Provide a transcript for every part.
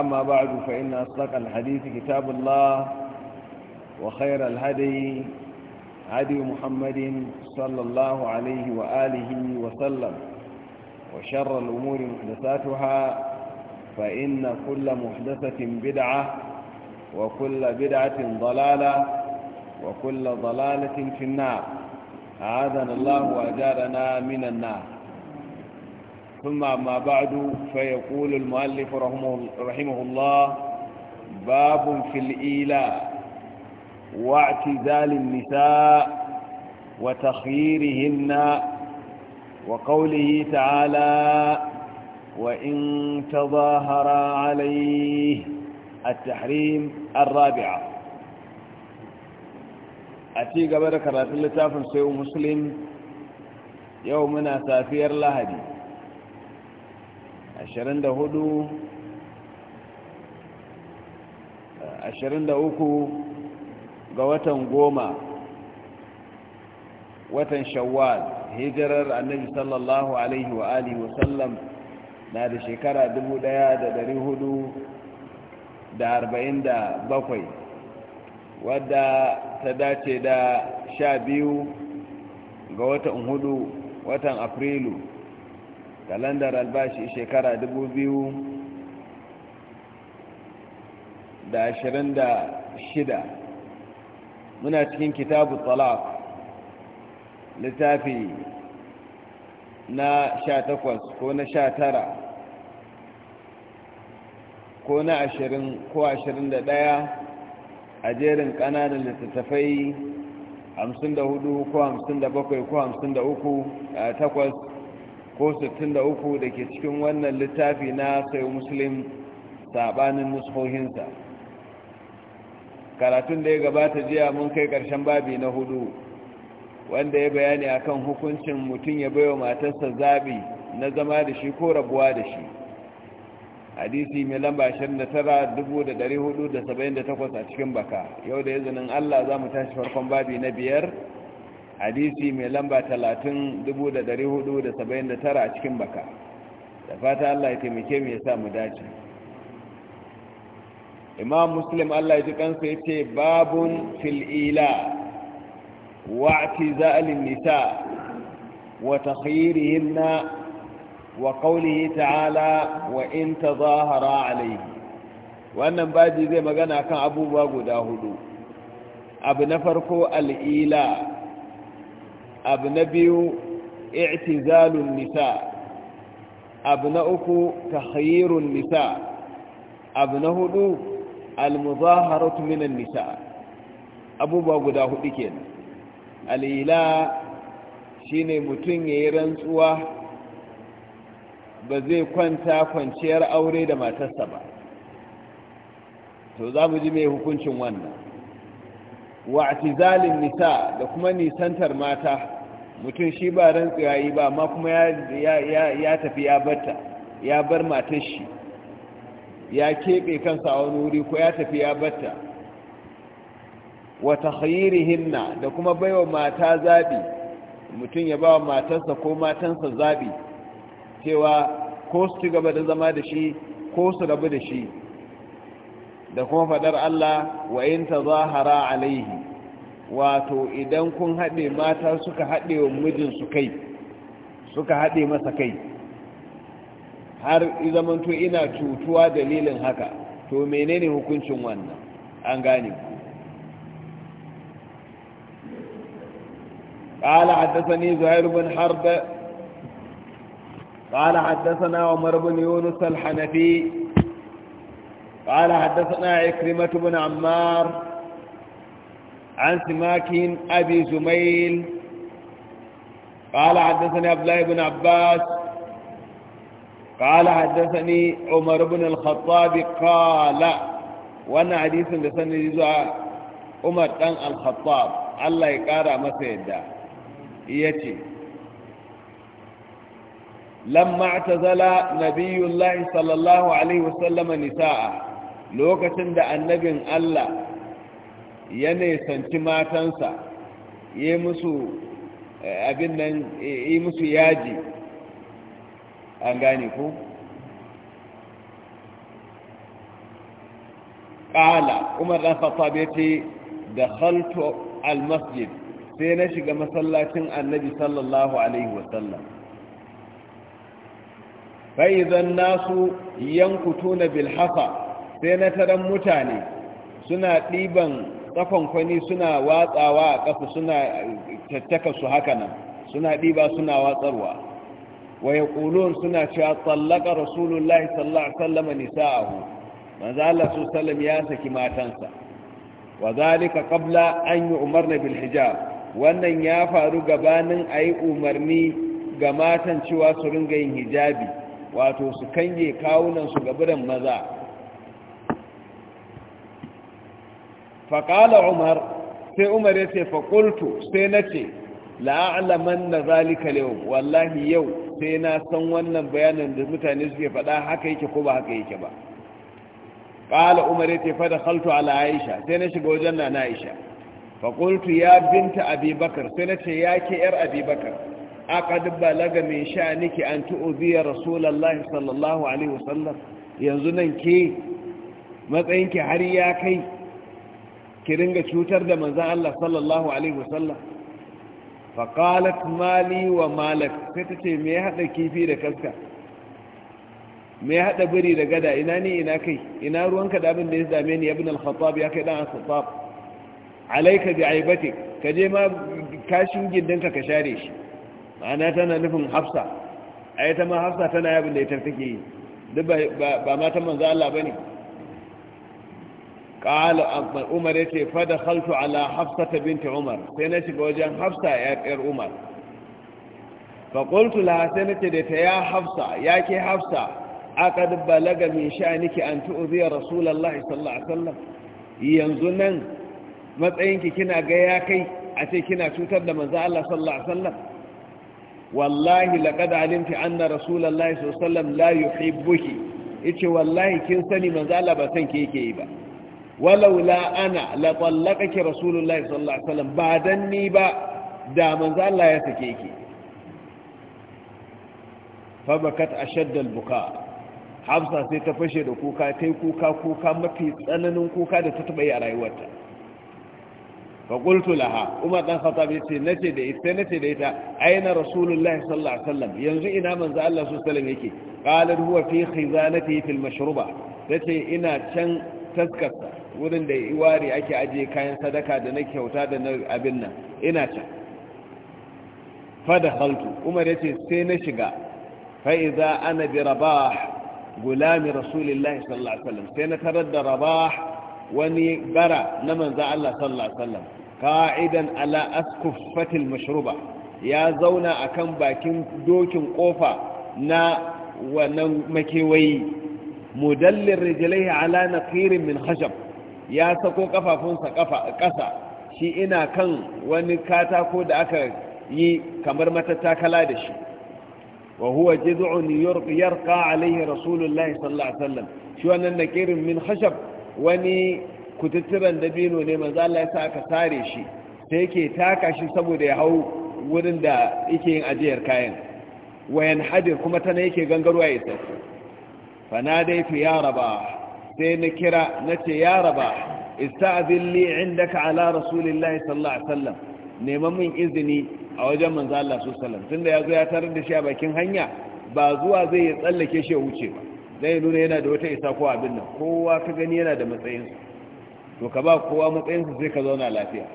أما بعد فإن أصدق الحديث كتاب الله وخير الهدي هدي محمد صلى الله عليه وآله وسلم وشر الأمور محدثاتها فإن كل محدثة بدعة وكل بدعة ضلالة وكل ضلالة في النار أعاذنا الله وأجارنا من النار ثم ما بعد فيقول المؤلف رحمه, الله باب في الإيلاء واعتزال النساء وتخييرهن وقوله تعالى وإن تظاهر عليه التحريم الرابعة أتي قبل كرات اللتاف سيو مسلم يومنا سافير لهدي ashirin da hudu ashirin da uku ga watan goma watan shawwal hijirar annabi sallallahu alaihi wa alihi wasallam na da shekara dubu ɗaya da dari hudu da arba'in da bakwai wadda ta dace da sha biyu ga watan hudu watan afrilu kalandar albashi shekara dubu biyu da ashirin da shida muna cikin kitabu talaq littafi na sha takwas ko na sha tara ko na ashirin ko ashirin da ɗaya a jerin ƙananan littattafai hamsin da hudu ko hamsin da bakwai ko hamsin da uku takwas ko 63 da ke cikin wannan littafi na sayo muslim sabanin karatun da ya gabata jiya mun kai karshen babi na hudu wanda ya bayani akan hukuncin mutum ya baiwa matarsa zabi na zama da shi ko rabuwa da shi hadisi mai lamba 29,478 a cikin baka yau da izinin allah za mu tashi farkon babi na biyar hadisi mai lamba 30,479 a cikin baka da fata Allah ya taimake mu sa mu dace imam muslim Allah ya ji kansa ya ce babun fil'ila wa'ati za'alin nisa wa takhirihinna wa qawlihi ta'ala wa in tazahara alayhi wannan baji zai magana kan abubuwa guda hudu abu na farko al'ila abu na biyu i'tizalun nisa abu na uku tahayyirun nisa abu na hudu almuzaharatu minan nisa abubuwa guda hudu kenan alila shine mutum yayi rantsuwa ba zai kwanta kwanciyar aure da matarsa ba to za mu ji mai hukuncin wannan wa'tizalin nisa da kuma nisantar mata mutum shi ba rantsuwa yi ba amma kuma ya tafi ya bata ya bar matar shi ya keɓe kansa a wani wuri ko ya tafi ya bata wata hinna da kuma baiwa mata zaɓi mutum ya ba wa matarsa ko matansa zaɓi cewa ko su ci gaba da zama da shi ko su rabu da shi da kuma faɗar Allah wa yin ta zahara alaihi wato idan kun haɗe mata suka haɗe wa mijinsu kai suka haɗe masa kai har zamanto ina cutuwa dalilin haka to menene hukuncin wannan an gane ku قال حدثني زهير بن حرب قال حدثنا عمر بن يونس الحنفي قال حدثنا عكرمة بن عمار عن سماك أبي زميل قال حدثني عبد الله بن عباس قال حدثني عمر بن الخطاب قال وانا حديث لسنة جزء عمر بن الخطاب الله يقارى مسيدا يتي لما اعتزل نبي الله صلى الله عليه وسلم نساء لوكة عند النبي الله ya nisanci matansa ya musu eh, abin nan yi musu yaji an gane ku ƙala umar ɗan khattab ce da halto almasjid sai na shiga masallacin annabi sallallahu alaihi wasallam zan nasu yankutuna na bilhafa sai na taron mutane suna ɗiban kafan kwani suna watsawa a ƙasa suna tattaka su haka nan suna ɗiba suna watsarwa wa ƙulun suna cewa tsallaka rasulullahi sallallahu nisa a nisa'ahu manzo Allah su ya saki matansa wa zalika qabla an yu'marna bil hijab wannan ya faru gabanin ayi umarni ga matan cewa su ringa yin hijabi wato su kange kawunan su gaburan maza faƙala umar sai umar ya ce faƙultu sai na ce la'alaman na zalika yau wallahi yau sai na san wannan bayanin da mutane suke faɗa haka yake ko ba haka yake ba ƙala umar ya ce fada haltu ala aisha sai na shiga wajen na aisha faƙultu ya binta Abibakar sai na ce ya ke yar abubakar aƙad balaga mai sha niki an tu'uziya rasulallah sallallahu alaihi wasallam yanzu nan ke matsayinki har ya kai ki ringa cutar da manzan Allah sallallahu alaihi wasallam faqalat mali wa malak sai ta ce me ya hada kifi da kaska me ya hada biri da gada ina ni ina kai ina ruwanka da abin da ya dame ni ibn al ya kai dan al-khattab alayka bi aibati ka je ma kashin gindinka ka share shi ma'ana tana nufin hafsa ai ta ma hafsa tana yabin da ita take yi duk ba matan manzo Allah ba ne. قال عمر يتي فدخلت على حفصة بنت عمر سينتي بوجان حفصة يا عمر فقلت لها سينتي ديت يا حفصة ياكي حفصة أقد بلغ من شأنك أن تؤذي رسول الله صلى الله عليه وسلم ينزلن matsayinki kina gaya kai a ce kina cutar da manzo Allah sallallahu alaihi wallahi laqad alimti anna rasulullahi sallallahu alaihi wasallam la yuhibbuki yace wallahi kin sani manzo ba san ke yake yi ba walaula ana la tallaqaki rasulullahi sallallahu alaihi wasallam ba dan ni ba da manzo Allah ya sake ki fa bakat ashadda al-buka Hafsa sai ta fashe da kuka tai kuka kuka mafi tsananin kuka da ta taba yi a rayuwarta fa qultu laha Umar dan Khattab yace nace da ita nace da ita aina rasulullahi sallallahu alaihi wasallam yanzu ina manzo Allah sallallahu alaihi wasallam yake qalat huwa fi khizanati fil mashruba tace ina can taskarsa wurin da iwari ake ajiye kayan sadaka da na kyauta da na abin nan ina can fada haltu umar ya ce sai na shiga fa'iza ana bi rabah gulami Rasulillah, sallallahu alaihi sai na tarar da rabah wani bara na manza Allah sallallahu alaihi ala mashruba ya zauna akan bakin dokin kofa na wannan makewayi mudallin rijilai ala naqirin min khashab ya sako kafafunsa ƙasa shi ina kan wani katako da aka yi kamar matattakala da shi wa huwa jiz'un yarqa alayhi rasulullahi sallallahu alaihi wasallam shi wannan naqirin min khashab wani kututturan dabino ne manzo Allah ya sa aka sare shi sai yake taka shi saboda ya hau wurin da yake yin ajiyar kayan wayan hadir kuma tana yake gangarwa ya fanadaitu ya raba sai na kira na ce ya raba ista'zin li indaka ala rasulillahi sallallahu alaihi wasallam neman min izini a wajen manzo Allah sallallahu alaihi wasallam tunda zo ya tarar da shi a bakin hanya ba zuwa zai ya tsallake shi ya wuce ba zai nuna yana da wata isa ko abin nan kowa ka gani yana da matsayinsu. to ka ba kowa matsayinsa sai ka zauna lafiya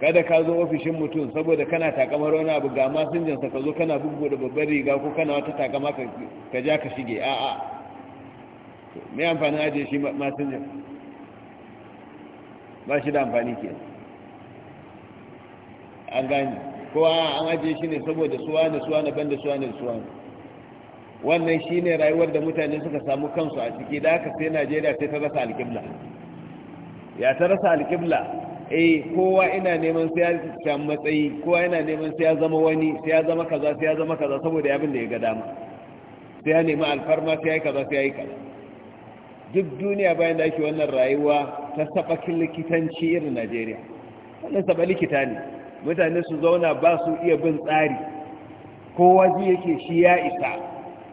kada ka zo ofishin mutum saboda kana takamar wani abu ga masinjansa ka zo kana bugu da babbar riga ko kana wata takama ka ja ka shige a a mai amfani ajiye shi masinjan ba shi da amfani ke an gani kowa an ajiye shi ne saboda suwa na suwa na banda suwa na suwa wannan shi ne rayuwar da mutane suka samu kansu a ciki da aka sai najeriya sai ta rasa alkibla ya ta rasa alkibla eh kowa ina neman sai ya san matsayi kowa ina neman sai ya zama wani sai ya zama kaza sai ya zama kaza saboda abin da ya ga dama sai ya nemi alfarma sai ya yi kaza sai ya yi kaza duk duniya bayan da ake wannan rayuwa ta saba likitanci irin najeriya wannan saba likita ne mutane su zauna ba su iya bin tsari kowa ji yake shi ya isa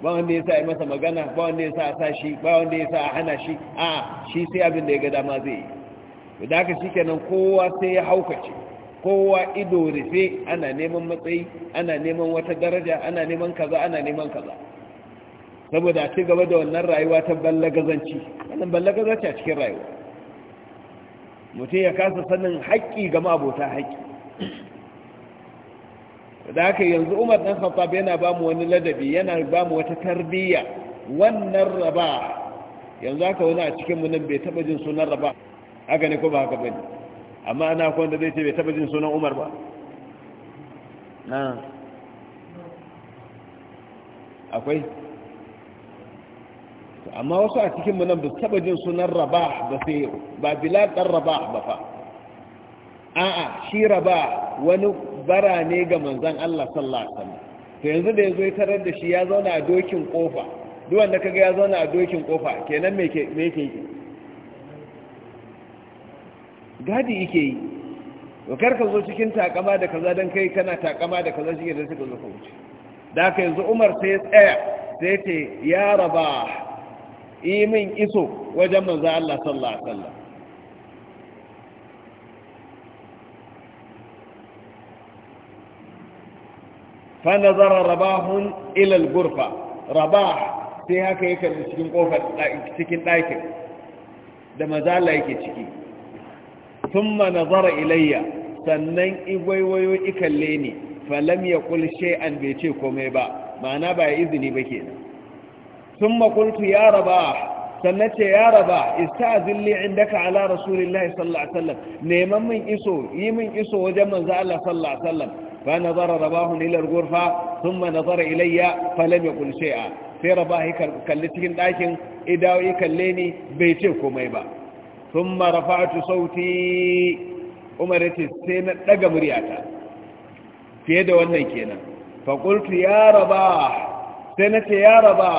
ba wanda ya sa a masa magana ba wanda ya sa a sa shi ba wanda ya sa a hana shi a shi sai abin da ya ga dama zai yi da haka kenan kowa sai ya haukace kowa ido rufe ana neman matsayi ana neman wata daraja ana neman kaza ana neman kaza saboda a ci gaba da wannan rayuwa ta ballagazanci wannan ballagazanci a cikin rayuwa mutum ya kasa sanin haƙƙi ga abota haƙƙi da haka yanzu umar ɗan khattab yana ba mu wani ladabi yana ba mu wata tarbiyya wannan raba yanzu haka wani a cikin mu nan bai taɓa jin sunan raba haka ne ko ba haka bane amma ana da zai ce bai taba jin sunan umar ba na akwai amma wasu a cikin mu nan ba taba jin sunan rabah ba sai ba bilal dan rabah ba fa a'a shi rabah wani bara ne ga manzon Allah sallallahu alaihi wasallam to yanzu da yazo ya tarar da shi ya zauna a dokin kofa duk wanda kaga ya zauna a dokin kofa kenan me ke me yake gadi yake yi to kar ka zo cikin takama da kaza don kai kana takama da kaza shi da suka zo ka wuce da aka yanzu umar sai tsaya sai ce ya raba min iso wajen manzo Allah sallallahu alaihi wasallam fa nazara rabahun ila al-ghurfa rabah sai haka yake cikin kofar cikin ɗakin da mazala yake ciki thumma nazara ilayya sannan igwaiwayo ikalle ni falam ya yaqul shay'an bai ce komai ba ma'ana ba ya izini ba kenan thumma qultu ya raba, sannan ce ya raba ista'zin li indaka ala rasulillahi sallallahu alaihi wasallam neman min iso yi min iso wajen manzo Allah sallallahu alaihi wasallam fa nazara rabahu ila al-ghurfa thumma nazara ilayya fa lam yaqul shay'a sai rabahi kalli cikin dakin idawo kalle ni bai ce komai ba sun marafa'atu sauti umar yace sai na daga muryata fiye da wannan kenan faƙultu ya raba sai na ce ya raba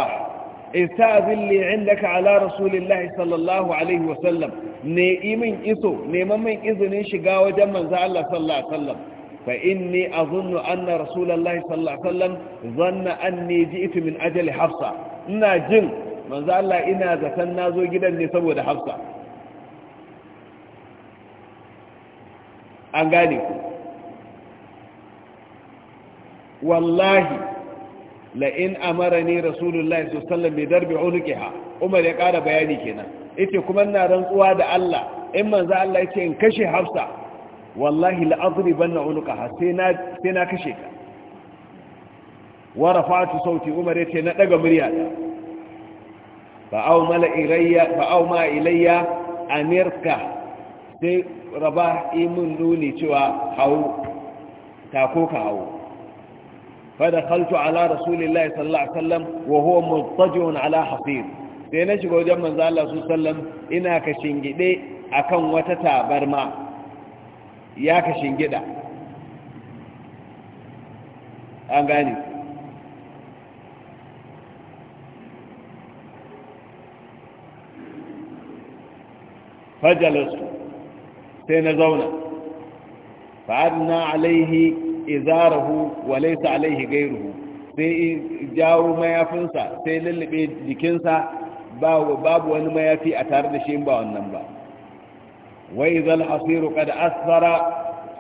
ista'azin li'in daga ala rasulillahi sallallahu alaihi wasallam ne imin iso neman min izinin shiga wajen manzo Allah sallallahu alaihi wasallam fa inni azunnu anna rasulullahi sallallahu alaihi wasallam zanna anni ji'tu min ajali hafsa ina jin manzo Allah ina zaton nazo gidan ne saboda hafsa an gane ku wallahi la'in amara ne rasulullahi su sallam mai darbe ha, umar ya kara bayani kenan ita kuma na rantsuwa da allah in manza allah ya ce in kashe hafsa wallahi la'azuri ban na ha sai na kashe ka wara fatu sauti umar ya ce na ɗaga murya ta ba'au ma ilayya anirka sai raba imin nuni cewa hau tako ka hau fada khaltu ala rasulillahi sallallahu alaihi wasallam wa huwa muttajun ala hafir sai na shiga wajen manzo Allah su sallam ina ka shingide akan wata tabarma ya ka shingida an gane fajalastu sai na zauna fa'adina alaihi izarahu wa laysa alaihi ghayruhu sai jawo mayafinsa sai lullube jikinsa babu wani mayafi a tare da shi ba wannan ba wai zan asiru qad asfara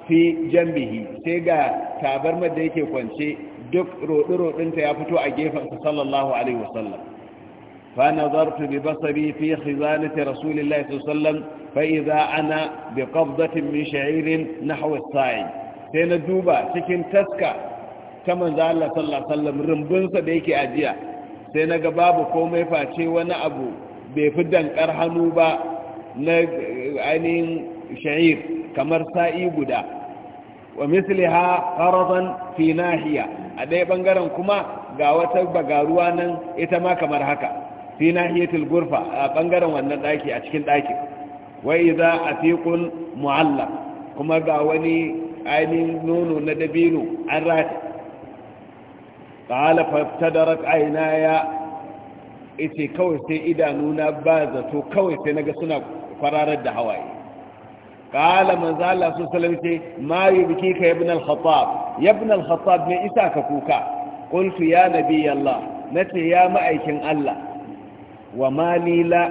fi jambihi sai ga tabarmar da yake kwance duk rodi ta ya fito a gefen sallallahu alaihi wasallam فنظرت ببصري في خزانة رسول الله صلى الله عليه وسلم فإذا أنا بقبضة من شعير نحو الصاعد سينا دوبا سكن تسكى كما ذا الله صلى الله عليه وسلم رمبنسا بيكي أجيا سينا قباب كومي فاتشي وانا أبو بفدن كرهنو با عينين شعير كمر سائي قدا ومثلها قرضا في ناحية أدي بنقرن كما قاوة بقاروانا إتما كمر هكا fi nahiyatul gurfa a bangaren wannan daki a cikin daki wa idza atiqun mu'allaq kuma ga wani ainin nono na dabino an rata qala faftadarat aynaya ite kawai sai na ba zato kawai sai naga suna kwararar da hawaye qala manzo Allah sallallahu alaihi wasallam ma ka ibn al-khattab ibn al-khattab ne isa ka kuka qultu ya nabiy Allah nace ya ma'aikin Allah wa mali la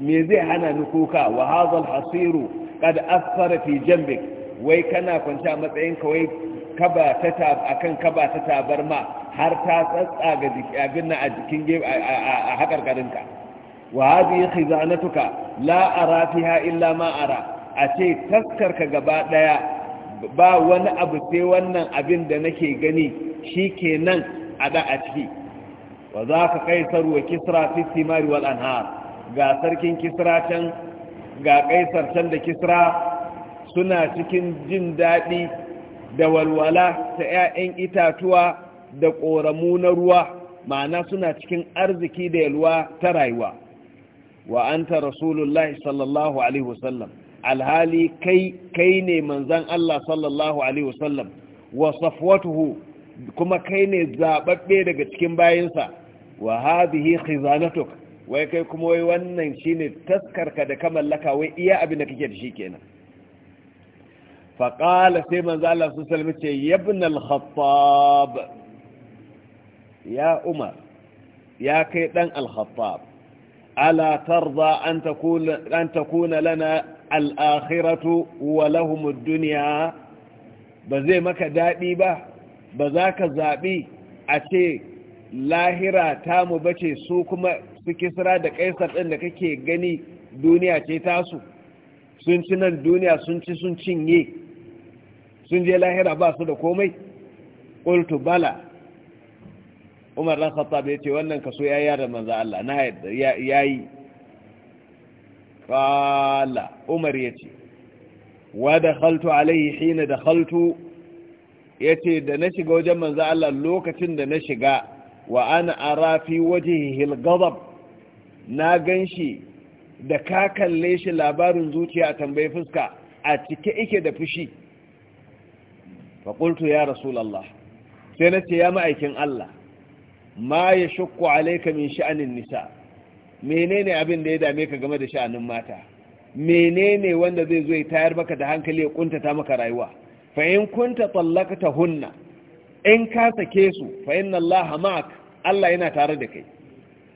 me zai hana ni kuka wa hasiru qad athara fi jambik wai kana kwanta a matsayin ka wai kaba ta akan kaba ta tabarma har ta tsatsa ga abin a jikin a hakarkarinka wa hadhihi khizanatuka la ara fiha illa ma ara a ce taskarka gaba daya ba wani abu sai wannan abin da nake gani shi kenan a da a ciki wa za ka kaisar wa kisra fi simari wal anhar ga sarkin kisra can ga kaisar can da kisra suna cikin jin daɗi da walwala ta 'ya'yan itatuwa da ƙoramu na ruwa ma'ana suna cikin arziki da yalwa ta rayuwa wa anta rasulullahi sallallahu alaihi wasallam alhali kai kai ne manzan Allah sallallahu alaihi wasallam wa safwatuhu kuma kai ne zababbe daga cikin bayinsa wa hadhihi khizanatuk wai kai kuma wai wannan shine taskarka da ka mallaka wai iya abin da kake da shi kenan fa qala sai manzo Allah su ce ibn al-khattab ya umar ya kai dan al-khattab ala tarda an takuna an takuna lana al-akhiratu wa lahum ad-dunya ba zai maka dadi ba ba za ka zabi a ce lahira tamu bace su kuma su kisra da kaisar ɗin da kake gani duniya ce tasu sun ci nan duniya sun ci sun cinye sun je lahira ba su da komai ƙultu bala umar ɗan khattab ya ce wannan kaso ya yi da manza Allah na ya yi ƙala umar ya ce wa da khaltu alaihi hina da khaltu ya ce da na shiga wajen manza Allah lokacin da na shiga wa ana ara fi wajhihi al na na ganshi da ka kalle shi labarin zuciya a tambayi fuska a cike ike da fushi faƙultu ya rasulallah sai na ce ya ma'aikin Allah ma ya shukku alaika min sha'anin nisa menene abin da ya dame ka game da sha'anin mata menene wanda zai zo ya tayar maka da hankali ya kuntata maka rayuwa fa in kunta tallaqta hunna in ka sake su fa inna allaha ma'ak Allah yana tare da kai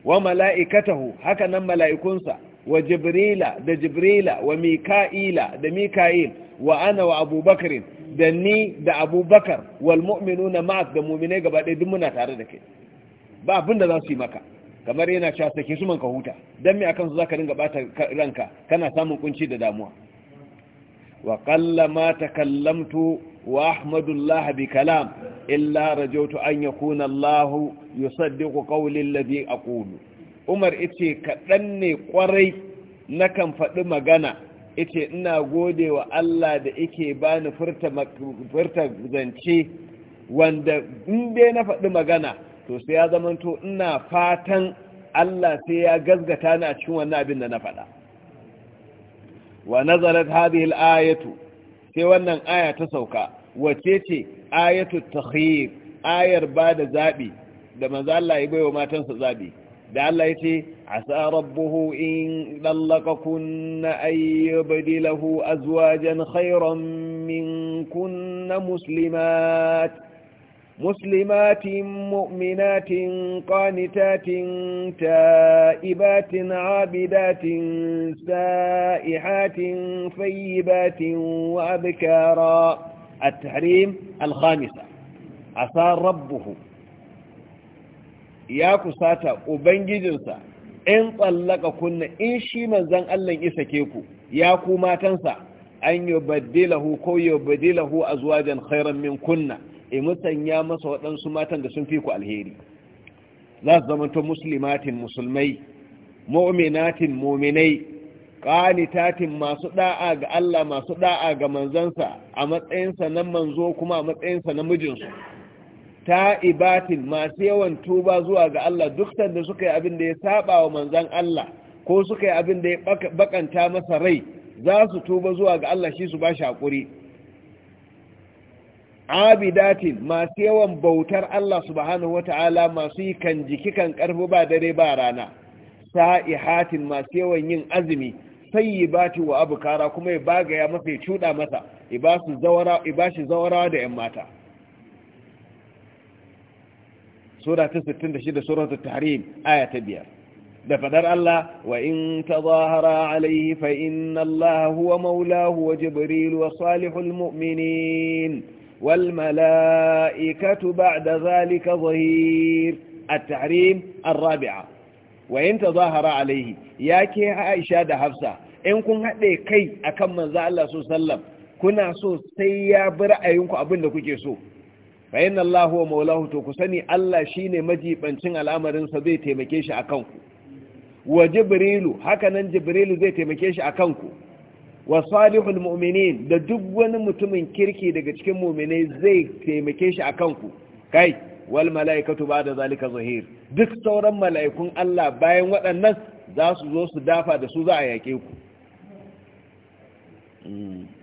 wa mala'ikatahu haka nan mala'ikunsa wa jibrila da jibrila wa mika'ila da mika'il wa ana wa abubakar da ni da abubakar wal mu'minuna ma'ak da mu'minai gaba ɗaya duk muna tare da kai ba abin da za su yi maka kamar yana cewa sake su man ka huta dan me akan su zaka dinga bata ranka kana samun kunci da damuwa wa qalla ta takallamtu wa ahmadullah bi kalam illa rajautu an yakuna Allah yusaddiqu qawli alladhi aqulu Umar yace kaɗan ne kwarai nakan faɗi magana yace ina gode Allah da yake bani furta furta zance wanda in dai na faɗi magana to sai ya zamanto ina fatan Allah sai ya gazgata ni a cikin wannan abin da na faɗa wa nazarat hadhihi al-ayatu sai wannan aya ta sauka wace ce ayatu takhir ayar ba da zabi da manzo Allah ya baiwa matansa zabi da Allah ya ce asa rabbuhu in dallaqakunna ay yubdilahu azwajan khayran minkunna muslimat مسلمات مؤمنات قانتات تائبات عابدات سائحات ثيبات وأبكارا التحريم الخامسة عصى ربه يا كساتا وبنجدنسا إن طلق كنا إن شي من زن ألا يسكيكو يا كما تنسى أن يبدله كو يبدله أزواجا خيرا من كنا إمتن يا مسوى تنسما دسن فيكو الهيري لا زمنتم مسلمات مسلمي مؤمنات مؤمنين ƙanitatin masu da'a ga Allah masu da'a ga manzansa a matsayinsa na manzo kuma a matsayinsa na mijinsu ta'ibatin masu yawan tuba zuwa ga Allah duk sanda suka yi abin da ya saba wa manzan Allah ko suka yi abin da ya bakanta masa rai za su tuba zuwa ga Allah shi su ba shi haƙuri abidatin masu yawan bautar Allah subhanahu wata'ala masu yi kan jiki kan ƙarfi ba dare ba rana sa'ihatin masu yawan yin azumi tayyibati wa abkara kuma ya bagaya masa ya cuda masa ibasu zawara ibashi zawara da yan mata sura ta 66 suratul tahrim aya ta 5 da fadar Allah wa in tazahara alayhi fa inna Allah huwa maulahu wa jibril wa salihul mu'minin wal mala'ikatu ba'da zalika zahir at-tahrim ar-rabi'a wayin ta zahara alaihi ya ke Aisha da Hafsa in kun haɗe kai akan manzo Allah su sallam kuna so sai ya bi ra'ayinku abin da kuke so fa inna wa maulahu to ku sani Allah shine majibancin al'amarin sa zai taimake shi akan ku wa jibrilu hakanan jibrilu zai taimake shi akan ku wa salihul mu'minin da duk wani mutumin kirki daga cikin mu'minai zai taimake shi akan ku kai wal mala'ikatu ba'da zalika zahir duk sauran mala'ikun Allah bayan waɗannan za su zo su dafa da su za a hmm, yake ku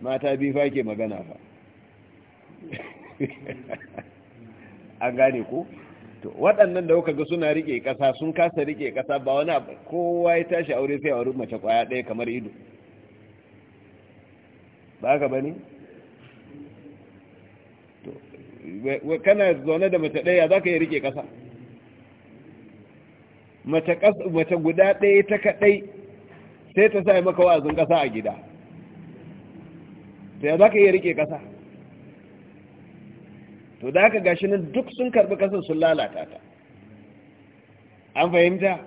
mata bi fa ke magana fa an gane ku. waɗannan da kuka ga suna rike ƙasa sun kasa rike ƙasa ba wani kowa ya tashi aure sai a mace kwaya ɗaya kamar ido ba ka bane kana zaune da mace ɗaya za ka yi riƙe ƙasa mace guda ɗaya ta kaɗai sai ta sa maka wa'azin ƙasa a gida sai za ka yi riƙe ƙasa to da aka gashi nan duk sun karɓi ƙasar sun lalata ta an fahimta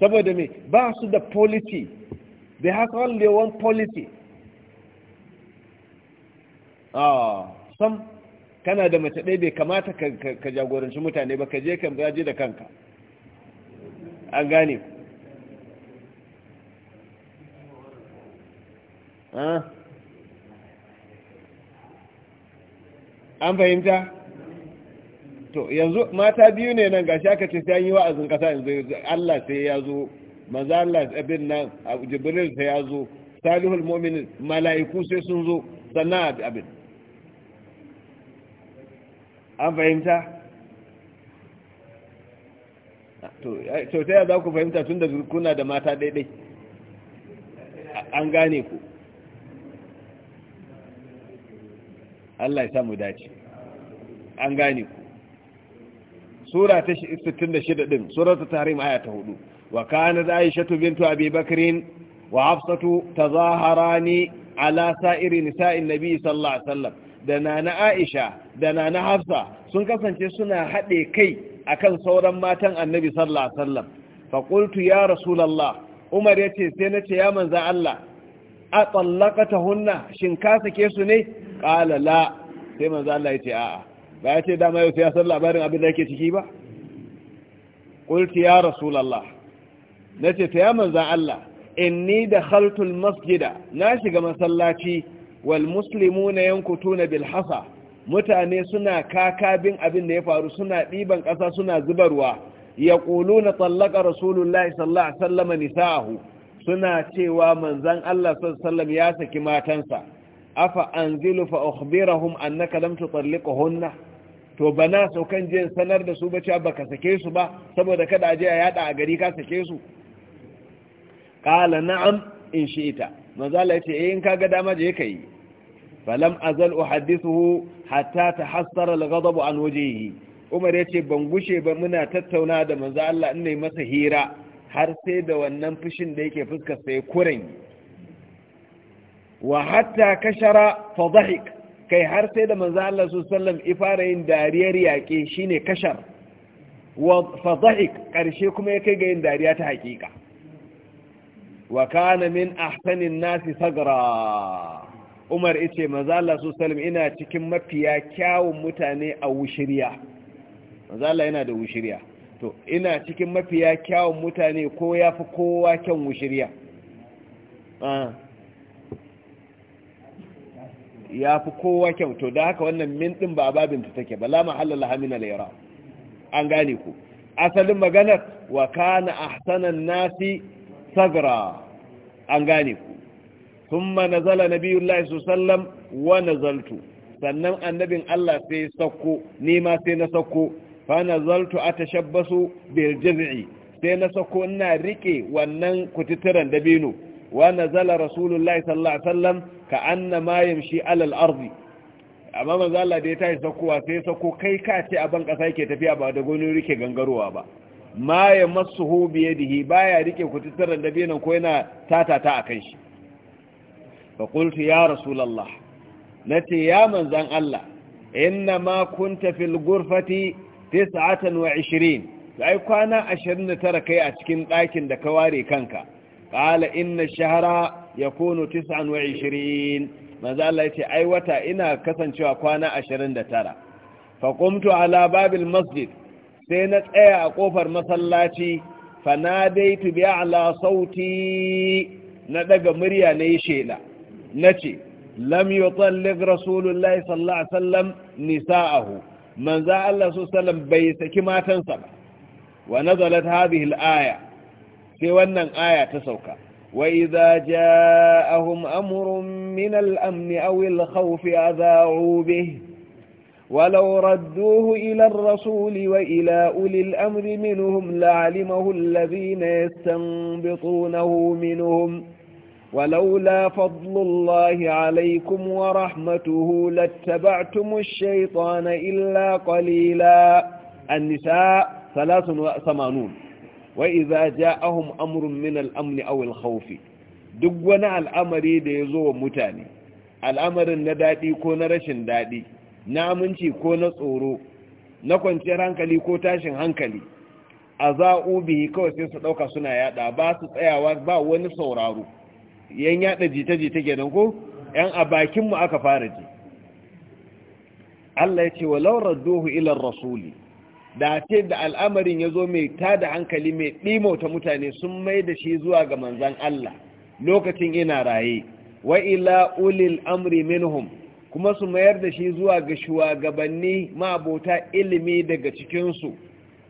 saboda me ba su da policy they have only one policy ah some kana da mace ɗaya bai kamata ka jagoranci mutane ba ka je ka zaje da kanka an gane an fahimta to yanzu mata biyu ne nan gashi aka ce sai an yi wa'azin kasa yanzu Allah sai ya zo manzo Allah abin nan Jibril sai ya zo salihul mu'minin mala'iku sai sun zo sannan abin an fahimta to ta za ku fahimta tun da kuna da mata daidai an gane ku Allah ya samu dace an gane ku sura ta 66 din suratu tahrim aya ta 4 wa kanat aishatu bintu abi bakrin wa hafsatu tazaharani ala sa'iri nisa'in nabi sallallahu alaihi wasallam da nana aisha da na hafsa sun kasance suna haɗe kai akan sauran matan annabi sallallahu alaihi wasallam fa qultu ya rasulullah umar yace sai nace ya manzo Allah a tsallakatahunna shin ka sake su ne qala la sai manzo Allah yace a'a ba yace dama yau sai ya san labarin abin da yake ciki ba qultu ya rasulullah nace ta ya manzo Allah inni dakhaltu almasjida na shiga masallaci wal muslimuna yankutuna bil hasa mutane suna kakabin abin da ya faru suna ɗiban ƙasa suna zubarwa ya ƙulu na tsallaka rasulullahi sallallahu sallama nisa'ahu suna cewa manzan Allah sallallahu ya saki matansa afa an zilu fa ukhbirahum annaka lam to bana saukan jin sanar da su ba cewa baka sake su ba saboda kada aje a yada a gari ka sake su qala na'am in shi'ita manzala Allah yace eh in kaga dama je kai falam azal uhaddithu hatta ta hassara lagadabu an wajehi umar ya ce ban gushe ba muna tattauna da manzo Allah in ne masa hira har sai da wannan fushin da yake fuskar sai kuren wa hatta kashara kai har sai da manzo Allah su sallam ifara yin dariyar yaƙe shine kashar wa fa karshe kuma ya kai ga yin dariya ta haƙiƙa wa kana min ahsanin nasi sagra umar ice mazala su salim ina cikin mafiya kyawun mutane a wushiriya Allah yana da wushiriya to ina cikin mafiya kyawun mutane ko ya fi kowa kyan wushiriya ah. ya fi kowa kyau to da haka wannan min ɗin ba a babinta take ba la mahallala hamina laira an gane ku asalin maganar wa kana ahsanan nasi sagra an gane ku thumma nazala nabiyullahi sallam wa nazaltu sannan annabin Allah sai sakko ni ma sai na sakko fa nazaltu atashabbasu bil jaz'i sai na sakko ina rike wannan kutitiran dabino wa nazala rasulullahi sallallahu alaihi wasallam ka annama yamshi alal ardi amma manzo Allah da ya tashi sakowa sai ya sako kai ka ce a ban kasa yake tafiya ba da gonin rike gangarowa ba ma ya masuhu bi yadihi baya rike kututturan dabino ko yana tata tatata akan shi faƙultu ya rasulallah na ce ya manzan Allah inna ma kunta fil gurfati tis'atan wa ishirin ai kwana ashirin da tara kai a cikin ɗakin da ka ware kanka ƙala inna shahara ya kono tis'an wa ishirin manzan Allah ce ai wata ina kasancewa kwana ashirin da tara faƙumtu ala babil masjid sai na tsaya a ƙofar masallaci fanadaitu bi ala sauti na ɗaga murya na yi shela نتي لم يطلق رسول الله صلى الله عليه وسلم نساءه من ذا الله صلى الله عليه وسلم بيسك ما تنصب ونزلت هذه الآية في ونن آية تسوك وإذا جاءهم أمر من الأمن أو الخوف أذاعوا به ولو ردوه إلى الرسول وإلى أولي الأمر منهم لعلمه الذين يستنبطونه منهم ولولا فضل الله عليكم ورحمته لاتبعتم الشيطان إلا قليلا النساء ثلاث وثمانون وإذا جاءهم أمر من الأمن أو الخوف دقنا الأمر ديزو متاني الأمر نداتي كون رشن دادي نامنشي كون صورو نكون شير هنكلي كوتاشن هنكلي أزاؤوا به كوسيس لوكا سنة يادا باس تأيوا با ونصورارو yan yada jita-jita kenan ko yan a bakinmu aka fara ji Allah ya ce walau radduhu ila rasuli da ce da al'amarin ya zo mai da hankali mai ɗimauta mutane sun mai da shi zuwa ga manzan Allah lokacin ina raye wa ila ulil amri minhum kuma su mayar da shi zuwa ga shugabanni ma'abota ilimi daga cikinsu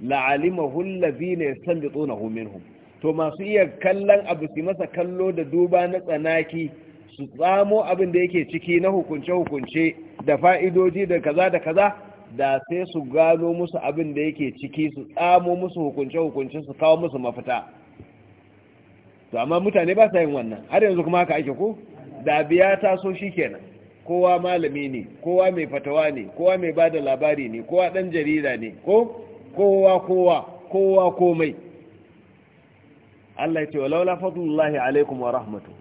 la'alimahu allazina yastanbitunahu minhum to masu iya kallon abu su masa kallo da duba na tsanaki su tsamo abin da yake ciki na hukunce-hukunce da fa'idoji da kaza da kaza da sai su gano musu abin da yake ciki su tsamo musu hukunce-hukunce su kawo musu mafita to amma mutane ba sa yin wannan har yanzu kuma haka ake ko da biya taso shi kenan kowa malami ne kowa mai fatawa ne kowa mai ba da labari ne kowa ɗan jarida ne ko kowa kowa kowa komai Allah ya ce wa laula fadlullahi alaikum wa rahmatuhu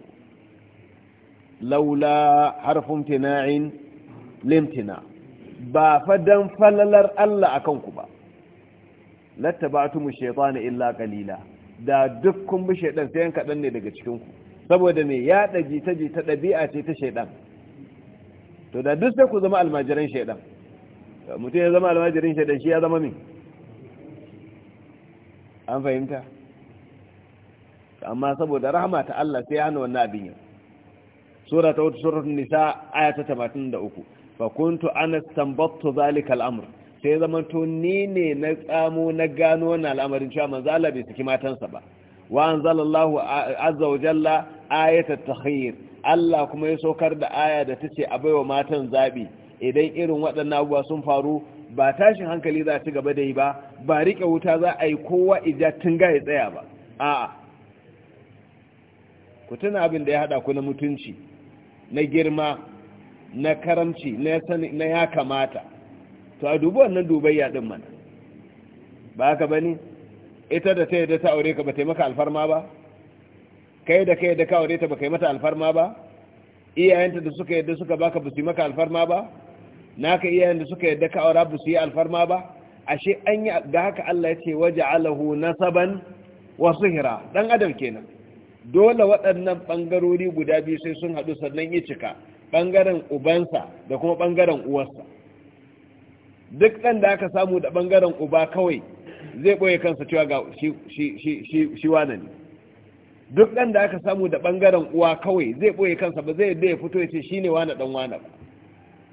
laula harfun tina'in limtina ba fadan falalar Allah akan ku ba lattaba'tumu shaytana illa qalila da dukkan bi shaydan sai kadan ne daga cikin ku saboda me ya daji ta ji ta dabi'a ce ta shaydan to da duk sai ku zama almajiran shaydan mutum ya zama almajirin shaydan shi ya zama min an fahimta amma saboda rahama ta Allah sai hana wannan abin yau sura ta wata sura nisa ayata ta 83 fa kuntu ana tambattu zalika al'amr sai zaman to ni ne na tsamo na gano wannan al'amarin cewa manzo Allah bai saki matansa ba wa anzalallahu azza wa jalla ayata takhir Allah kuma ya saukar da aya da tace a baiwa matan zabi idan irin waɗannan abubuwa sun faru ba tashin hankali za a ci gaba da yi ba ba riƙe wuta za a yi kowa ija tun ga ya tsaya ba a'a ku tuna abin da ya hada ku na mutunci na girma na karamci na ya kamata to a dubi wannan dubayya din mana ba haka bane ita da ta yi da ta aure ka ba ta maka alfarma ba kai da kai da ka aure ta ba kai mata alfarma ba iyayenta da suka yadda suka baka ba su maka alfarma ba Na ka iyayen da suka yadda ka aura ba su yi alfarma ba ashe an yi ga haka Allah ya ce waje alahu nasaban wasu hira dan adam kenan dole waɗannan ɓangarori guda biyu sai sun haɗu sannan ya cika ɓangaren ubansa da kuma ɓangaren uwarsa duk ɗan da aka samu da ɓangaren uba kawai zai ɓoye kansa cewa ga shi wane ne duk ɗan da aka samu da ɓangaren uwa kawai zai ɓoye kansa ba zai yadda ya fito ya ce shi ne wane ɗan wane ba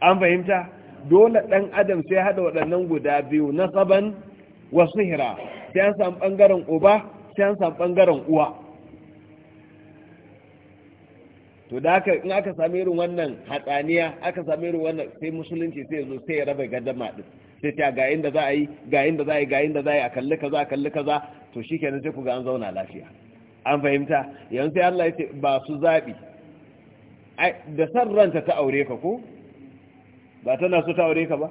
an fahimta dole ɗan adam sai haɗa waɗannan guda biyu na saban wasu hira sai an samu ɓangaren uba sai an samu ɓangaren uwa to da haka in aka sami irin wannan hatsaniya aka sami irin wannan sai musulunci sai zo sai ya raba gadama din sai ta ga inda za a yi ga inda za a yi ga inda za a yi a kalli kaza a kalli kaza to shikenan sai ku ga an zauna lafiya an fahimta yanzu sai Allah ya ce ba su zabi da san ranta ta aure ka ko ba tana so ta aure ka ba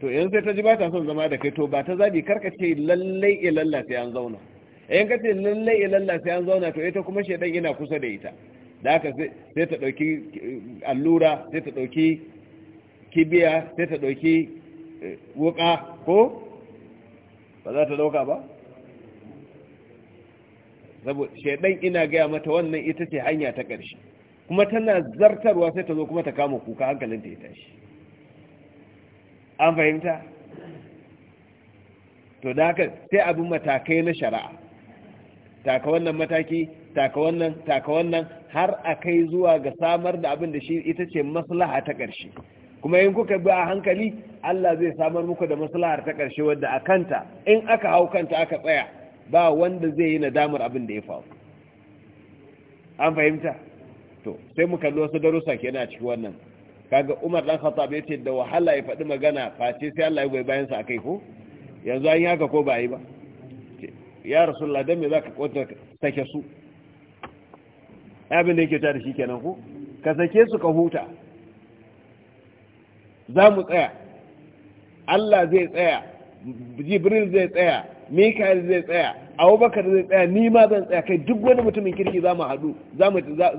to yanzu sai ta ji ba ta son zama da kai to ba ta zabi karka ce lallai ilalla sai an zauna in ka ce lallai ilalla sai an zauna to ita kuma shedan yana kusa da ita da aka sai ta ɗauki eh, allura sai ta ɗauki kibiya sai ta ɗauki eh, wuka ko ba za ta ɗauka ba saboda shaidan ina gaya mata wannan ita ce hanya ta ƙarshe kuma tana zartarwa sai ta zo kuma ta kama kuka hankalinta ya tashi an fahimta to da haka sai abin matakai na shari'a taka wannan mataki taka wannan taka wannan har a kai zuwa ga samar da abin da shi ita ce maslaha ta ƙarshe kuma in kuka bi a hankali Allah zai samar muku da maslahar ta ƙarshe wadda a kanta in aka hau kanta aka tsaya ba wanda zai yi nadamar abin da ya faru an fahimta to sai mu kalli wasu darussa kenan a cikin wannan kaga Umar dan Khattab yace da wahala ya faɗi magana face sai Allah ya goyi bayan sa akai ko yanzu an yi haka ko ba yi ba ya Rasulullah dan me zaka kwanta sake su abin da yake ta da shi kenan ku ka sake su ka huta za mu tsaya Allah zai tsaya jibril zai tsaya mikael zai tsaya abubakar zai tsaya ni ma zan tsaya kai duk wani mutumin kirki za mu haɗu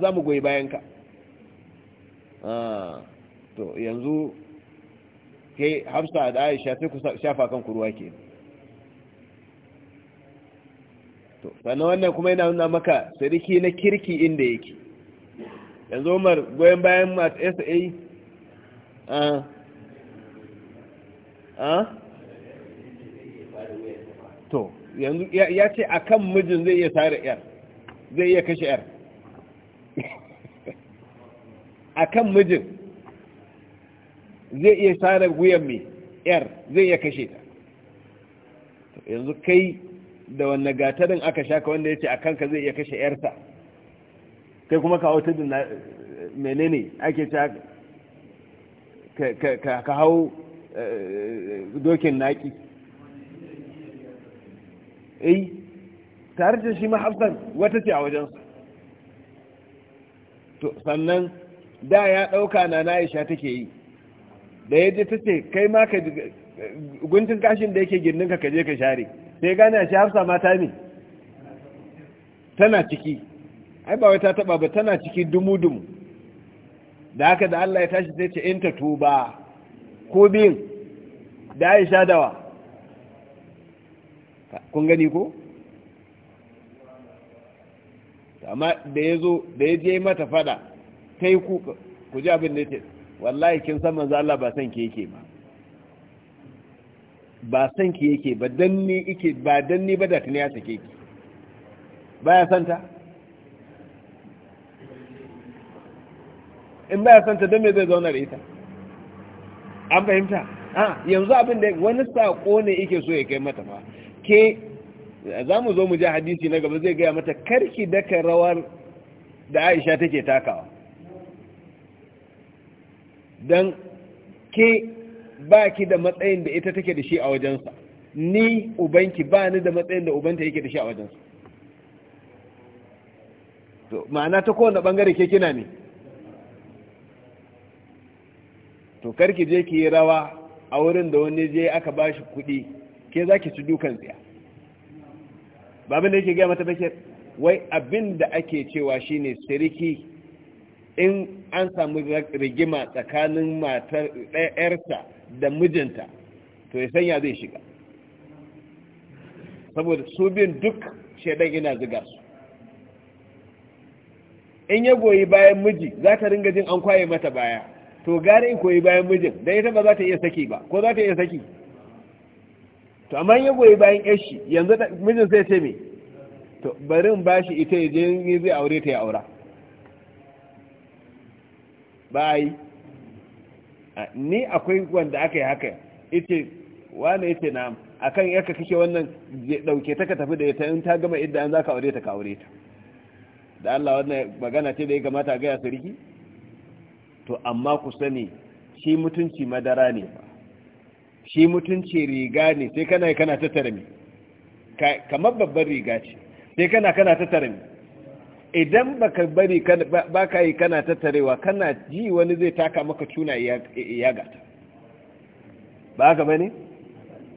za mu goyi bayanka ah, to yanzu kai hafsa da aisha sai ku shafa kan ruwa ke to sannan wannan kuma yana nuna maka sariki na kirki inda yake yanzu umar goyon bayan masu sa a a to yanzu ya ce a kan mijin zai iya sare yar zai iya kashe yar a kan mijin zai iya sare wuyan mai yar zai iya kashe ta yanzu kai da wanne gatarin aka sha ka wanda ya ce a kanka zai iya kashe yarsa kai kuma ka hau da menene ake ta ka hau eh, dokin naƙi eh tare da shi mahafsan wata ce a wajensu sannan da ya ɗauka na na'isha take yi da ya ce ta ce kai ma ka eh, guntun kashin da yake girninka ka je ka share sai gane a shi hafsa mata ne tana ciki ai ba wata taba ba tana ciki dumu-dumu da haka da Allah ya tashi sai ce in ta tuba ko biyin da sha dawa kun gani ko amma da ya zo da ya je mata fada ta yi ku ji abin da ya ce wallahi kin san manzo Allah ba san ke yake ba ba san ki yake ba dan ni yake ba dan ni ba da tuni ya sake ki baya santa in baya santa don me zai zauna da ita an fahimta a yanzu abin da wani sako ne yake so ya kai mata fa ke za mu zo mu ji hadisi na gaba zai gaya mata karki daka rawar da aisha take takawa don ke Ba ki da matsayin da ita take da shi a wajensa ni ubanki ba ni da matsayin da ubanta yake da shi a wajensa to ma'ana ta kowane bangare ke kina ne to karki je ki yi rawa a wurin da wani je aka ba shi kuɗi ke za ki ci dukan tsiya babin da yake gaya mata bashir wai abin da ake cewa shine siriki in an samu rigima tsakanin matar ɗayarsa da mijinta to ya sanya zai shiga saboda su bin duk shaidan ina ziga su in ya goyi bayan miji za ta ringa jin an kwaye mata baya to gari in koyi bayan mijin da ita ba za ta iya saki ba ko za ta iya saki to amma ya goyi bayan yashi yanzu mijin sai ce mai, to barin ba shi ita ya je zai aure ta ya aura ba yi ni akwai wanda aka yi haka ita wane ita na a kan yaka kake wannan dauke ta ka tafi da ita in ta gama idda an ka aure ta ka aure ta da Allah wannan magana ce da ya kamata ga ya sarki to amma ku sani shi mutunci madara ne ba shi mutunci riga ne sai kana kana tattara mi kamar babbar riga ce sai kana kana tattara mi idan baka bari baka yi kana tattarewa kana ji wani zai taka maka cuna ya gata ba ka bane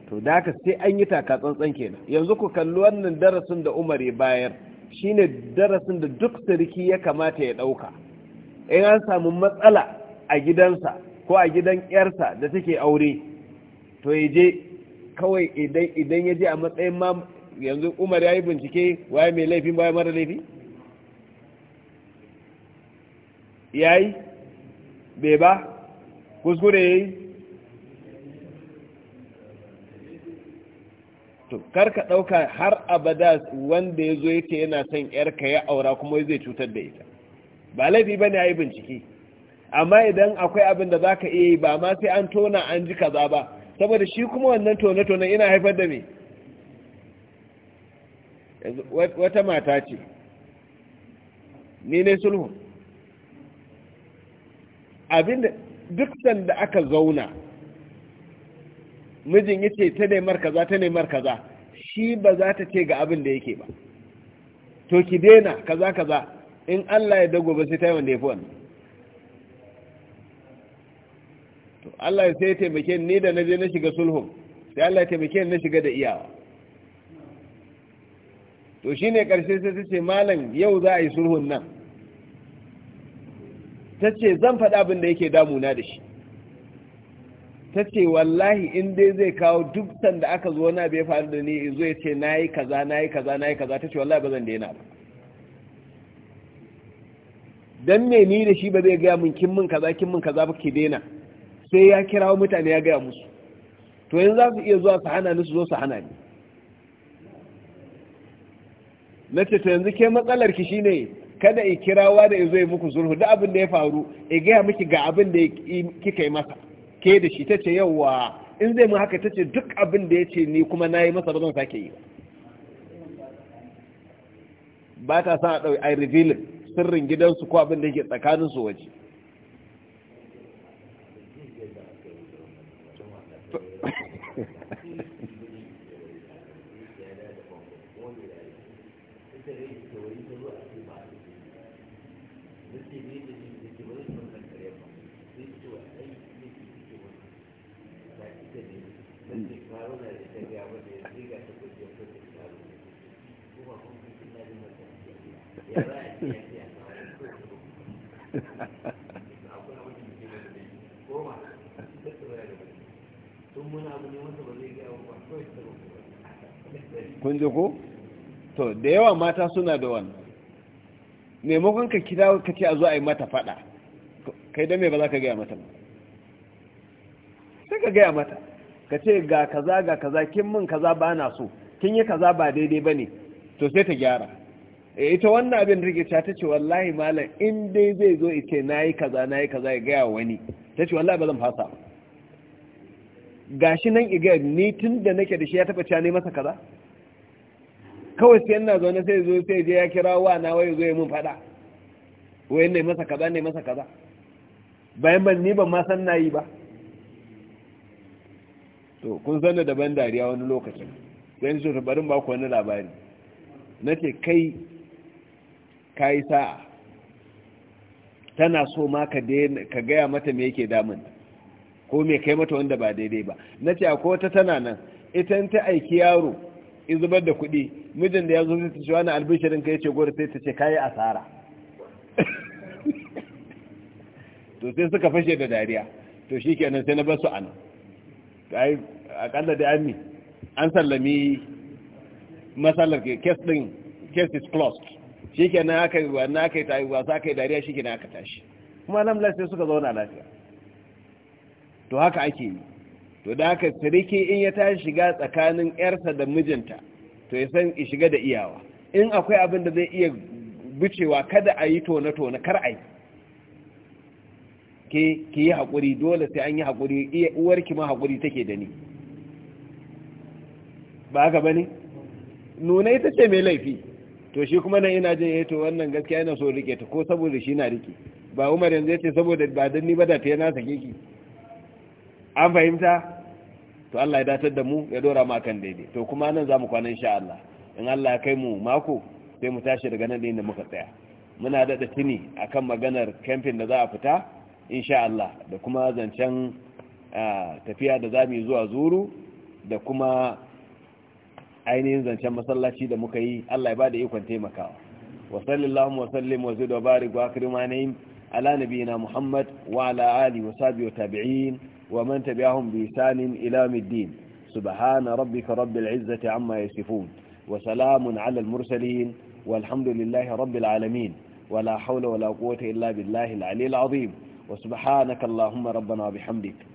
to da haka sai an yi taka tsantsan kenan yanzu ku kalli wannan darasin da Umar ya bayar shine darasin da duk sarki ya kamata ya dauka in an samu matsala a gidansa ko a gidan yarsa da take aure to ya je kawai idan ya je a matsayin ma yanzu Umar ya yi bincike waye mai laifin baya mara laifi yayi bai ba kuskure yayi to karka dauka har abada wanda ya yake yana son yarka ya aura kuma zai cutar da ita ba laifi ba ayi bincike amma idan akwai abin da za iya yi ba ma sai an tona an ji kaza ba saboda shi kuma wannan tona tona ina haifar da me wata mata ce ni ne sulhu Abin da duk sanda aka zauna mijin ya ce ta nemar kaza ta nemar kaza shi ba za ta ce ga abin da yake ba to ki dena kaza kaza in Allah ya dago ba sai ta yi wanda ya fi wannan to Allah sai ya taimake ni da na je na shiga sulhun sai Allah ya taimake ni na shiga da iyawa to shine karshe sai ta ce malam yau za a yi sulhun nan ta ce zan faɗa abin da yake damuna da shi ta ce wallahi in dai zai kawo duk sanda aka zo na bai faru da ni in zo ya ce na yi kaza na yi kaza na yi kaza ta ce wallahi ba zan daina ba don me ni da shi ba zai gaya min kin min kaza kin min kaza ba ke daina sai ya kirawo mutane ya gaya musu to yanzu za su iya zuwa su hana ni su zo su hana ni na ce to yanzu ke matsalar ki shine kada i kirawa da zo ya muku zurhu da abin da ya faru i gaya miki ga abin da kika yi masa ke da shi tace yawa in zai mu haka tace duk abin da yace ni kuma nayi masa ba zan sake yi ba ta sa a revealing sirrin gidansu ko abin da yake tsakanin su waje kun ji ko to da yawa mata suna da wannan maimakon ka kira ka ce a zo a yi mata fada kai da me ba za ka gaya mata ba sai ka gaya mata ka ce ga kaza ga kaza kin min kaza ba na so kin yi kaza ba daidai ba ne to sai ta gyara Eh, ita wannan abin rigica ta ce wallahi malam in dai zai zo ita na yi kaza na yi kaza ya gaya wani ta ce wallahi ba zan fasa ga shi nan iga ni tun da nake da shi ya taba ca ne masa kaza kawai sai yana zaune sai zo sai je ya kira wa na wai zo ya mun fada wai ne masa kaza ne masa kaza bayan ban ni ban ma san na yi ba to kun san da daban dariya wani lokacin sai ni so barin ba ku wani labari na ce kai ka yi sa'a tana so ma ka gaya mata me yake damun ko me kai mata wanda ba daidai ba na ce ko wata tana nan ita ta aiki yaro izubar da kuɗi mijin da ya zo ta ce wani albishirin ka ya ce gwada sai ta ce kayi asara to sai suka fashe da dariya to shi kenan sai na bar su ana akalla da an an sallami matsalar kes ɗin kes is closed shikenan aka yi wannan aka yi tayi wasa aka yi dariya shikenan aka tashi kuma nan sai suka zauna lafiya to haka ake yi to da haka sarki in ya tashi shiga tsakanin yarsa da mijinta to ya san shiga da iyawa in akwai abin da zai iya bucewa kada a yi tona-tona kar a yi ke yi haƙuri dole sai an yi haƙuri ki ma haƙuri take da ni ba haka ba ne nuna ita ce mai laifi to shi kuma nan ina jin yato eh, wannan gaskiya yana so rike ta ko saboda shi na rike ba umar yanzu ya ce saboda ba don ni ba da ta yana sake ki an fahimta to Allah ya datar da mu ya dora mu akan daidai to kuma nan za mu kwana insha Allah in Allah ya kai mu mako sai mu tashi daga nan da muka tsaya muna daɗa tuni akan maganar kamfin da za a fita insha Allah da kuma zancen ah, tafiya da za mu yi zuwa zuru da kuma ainihin zancen masallaci da muka yi Allah ya bada ikon taimakawa wa sallallahu wa sallim wa zid wa barik wa akrimanihim ala nabiyina Muhammad wa ala ali wa sahbihi wa tabi'in wa man tabi'ahum bi ihsan ila yawmiddin subhana rabbika rabbil izzati amma yasifun wa salamun ala al mursalin walhamdulillahi rabbil alamin wa la hawla wa la quwwata illa billahi al aliyyil azim wa subhanaka allahumma rabbana wa bihamdika